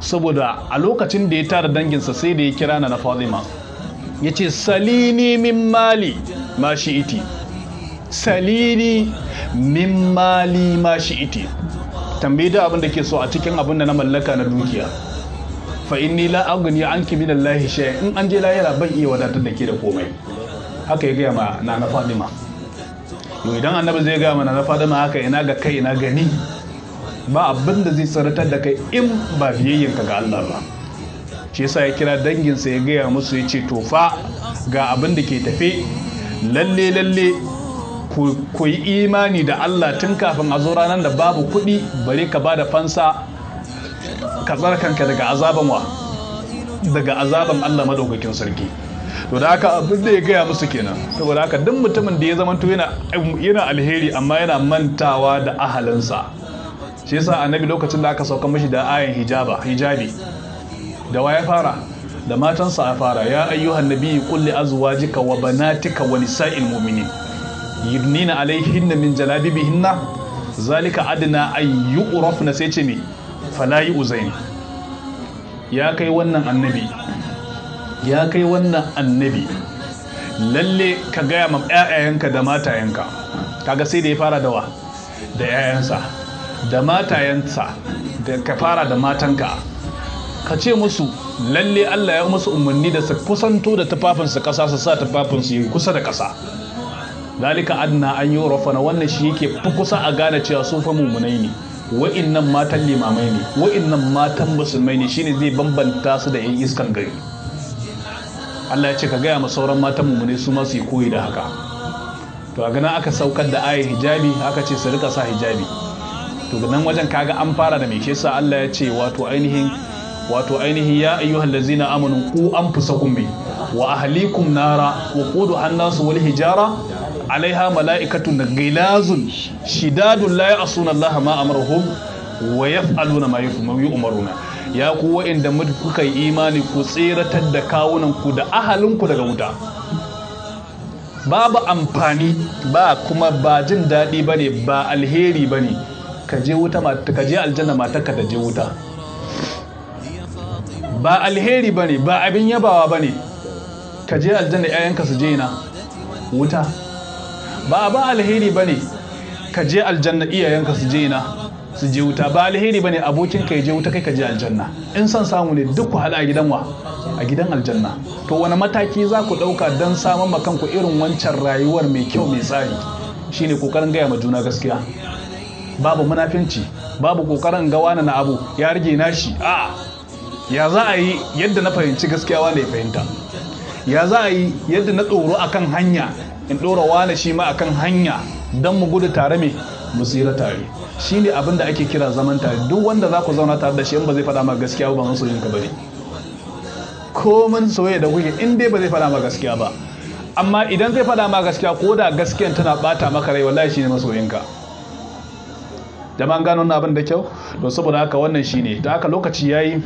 saboda a lokacin da ya tara danginsa sai da ya kira na Fatima ya ce salini min mali ma shi iti salini min mali ma shi iti tambayi da abin da ke so a cikin abin da na mallaka na dukiya fa inni la aghni anki min Allah shay in an je lahira ban iya wadatar da ke da komai haka ya gaya ma na na Fatima yau idan annabi zai gaya ma na na Fatima haka ina ga kai ina gani ba abin da zai tsaratar da kai in ba biyayyanka ga Allah ba shi yasa ya kira danginsa ya gaya musu ya ce to fa ga abin da ke tafe lalle lalle ku yi imani da Allah tun kafin a zo ranar da babu kuɗi bare ka ba da fansa ka tsara kanka daga azaban wa daga azaban Allah madaukakin sarki to da haka abin da ya gaya musu kenan saboda haka duk mutumin da ya zamanto yana alheri amma yana mantawa da ahalinsa shi yasa annabi lokacin da aka sauka mashi da ayan hijaba hijabi da wa ya fara da matansa a fara ya ayyuhan nabiyyi kulli azuwa azwajika wa banatika wa nisa'il mu'minin yudnina alaihinna min jalabibihinna zalika adna ay yu'rafna sai ce me fala yu'zain ya kai wannan annabi ya kai wannan annabi lalle ka gaya ma 'ya'yayanka da matayanka kaga sai da ya fara dawa da 'ya'yansa da matayensa da ka fara da matanka ka ce musu lalle Allah ya musu umarni da su kusanto da tufafinsu kasa su sa tufafinsu yi kusa da ƙasa dalika adna an yi rafana wannan shi yake fi kusa a gane cewa sun fa mummunai ne wa'innan matan limamai ne wa'innan matan musulmai ne shine zai bambanta su da 'yan iskan gari Allah ya ce ka gaya ma sauran matan mummunai su ma su yi koyi da haka to a gana aka saukar da aya hijabi aka ce su rika sa hijabi to nan wajen kaga an fara da mai shi Allah ya ce wato ainihin wato ainihin ya ayyuhal ladzina amanu ku anfusakum bi wa ahlikum nara wa qudu an wal hijara alaiha mala'ikatun gilazun shidadun la ya'suna Allah ma amarahum wa yaf'aluna ma yu'maruna ya ku wa'inda kuka yi imani ku tseratar da kawunan ku da ahalin ku daga wuta babu amfani ba kuma ba jin daɗi bane ba alheri bane ka je wuta ka je aljanna ka ta je wuta ba alheri bane ba abin yabawa bane ka je aljanna ƴaƴanka su je na wuta ba ba alheri bane ka je aljanna iyayenka su je na su je wuta ba alheri bane abokin ka ya je wuta kai ka je aljanna in son samu ne duk ku hada a gidan wa a gidan aljanna to wani mataki za ku dauka don samun makanku irin wancan rayuwar mai kyau mai tsari shine kokarin gaya ma juna gaskiya babu munafinci babu kokarin gawa na abu ya rige nashi a ya za a yi yadda na fahimci gaskiya wanda ya fahimta ya za a yi yadda na tsoro akan hanya in ɗora wane shi ma akan hanya don mu gudu tare me mu tsira tare shi ne abin da ake kira zaman tare duk wanda za ku zauna tare da shi in ba zai faɗa ma gaskiya ba ban soyayya ka Ko komin soyayya da kuke in dai ba zai faɗa ma gaskiya ba amma idan zai faɗa ma gaskiya ko da gaskiyan tana bata maka rai wallahi shi ne masoyinka jama'an gano abin da kyau don saboda haka wannan shine da haka lokaci yayi